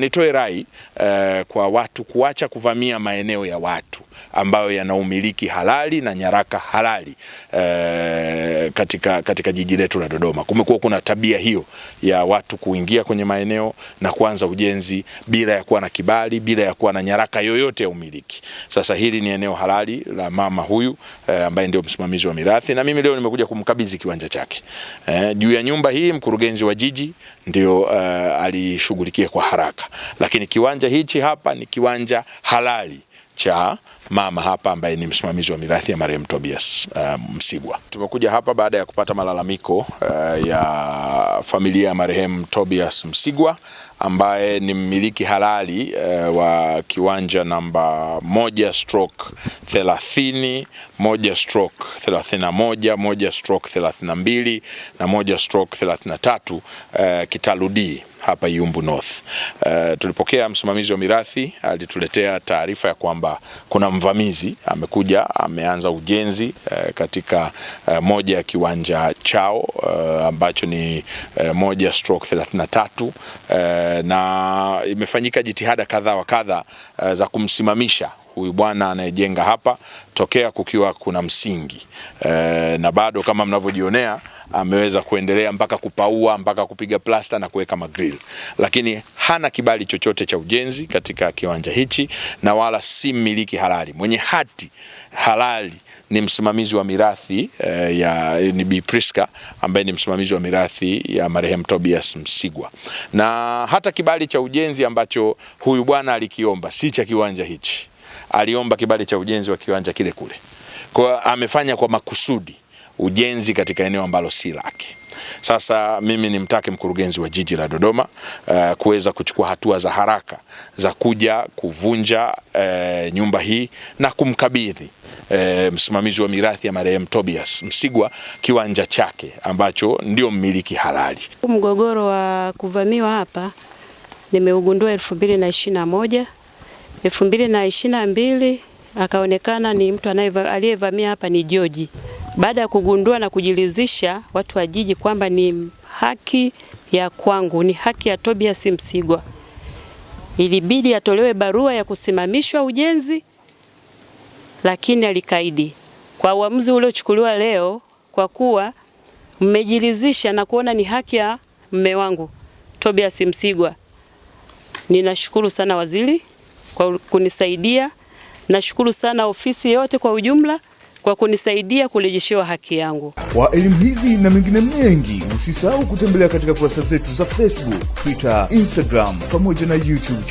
Nitoe rai uh, kwa watu kuacha kuvamia maeneo ya watu ambayo yana umiliki halali na nyaraka halali uh, katika, katika jiji letu la Dodoma. Kumekuwa kuna tabia hiyo ya watu kuingia kwenye maeneo na kuanza ujenzi bila ya kuwa na kibali, bila ya kuwa na nyaraka yoyote ya umiliki. Sasa hili ni eneo halali la mama huyu uh, ambaye ndio msimamizi wa mirathi na mimi leo nimekuja kumkabidhi kiwanja chake. Uh, juu ya nyumba hii mkurugenzi wa jiji ndio uh, alishughulikia kwa haraka kutoka, lakini kiwanja hichi hapa ni kiwanja halali cha mama hapa ambaye ni msimamizi wa mirathi ya marehemu Tobias uh, Msigwa. Tumekuja hapa baada ya kupata malalamiko uh, ya familia ya marehemu Tobias Msigwa ambaye ni mmiliki halali uh, wa kiwanja namba moja stroke 30, moja stroke 31, moja stroke 32 na moja stroke 33 uh, kitalu hapa Yumbu North. Uh, tulipokea msimamizi wa mirathi alituletea taarifa ya kwamba kuna mvamizi amekuja ameanza ujenzi uh, katika uh, moja ya kiwanja chao uh, ambacho ni uh, moja stroke 33 uh, na imefanyika jitihada kadha wa kadha uh, za kumsimamisha huyu bwana anayejenga hapa tokea kukiwa kuna msingi uh, na bado kama mnavyojionea ameweza kuendelea mpaka kupaua mpaka kupiga plasta na kuweka magrill, lakini hana kibali chochote cha ujenzi katika kiwanja hichi na wala si mmiliki halali. Mwenye hati halali ni msimamizi wa mirathi eh, ya eh, ni Bi Priska ambaye ni msimamizi wa mirathi ya marehemu Tobias Msigwa, na hata kibali cha ujenzi ambacho huyu bwana alikiomba si cha kiwanja hichi, aliomba kibali cha ujenzi wa kiwanja kile kule, kwa amefanya kwa makusudi ujenzi katika eneo ambalo si lake. Sasa mimi nimtake mkurugenzi wa jiji la Dodoma uh, kuweza kuchukua hatua za haraka za kuja kuvunja uh, nyumba hii na kumkabidhi E, msimamizi wa mirathi ya marehemu tobias Msigwa kiwanja chake ambacho ndio mmiliki halali. Mgogoro wa kuvamiwa hapa nimeugundua elfu mbili na ishirini na moja elfu mbili na ishirini na mbili akaonekana ni mtu aliyevamia hapa ni Joji baada ya kugundua na kujiridhisha watu wa jiji kwamba ni haki ya kwangu, ni haki ya tobias Msigwa, ilibidi atolewe barua ya kusimamishwa ujenzi, lakini alikaidi. Kwa uamuzi uliochukuliwa leo, kwa kuwa mmejiridhisha na kuona ni haki ya mme wangu Thobias Msigwa, ninashukuru sana waziri kwa kunisaidia, nashukuru sana ofisi yote kwa ujumla kwa kunisaidia kurejeshewa haki yangu. Kwa elimu hizi na mengine mengi, usisahau kutembelea katika kurasa zetu za Facebook, Twitter, Instagram pamoja na YouTube.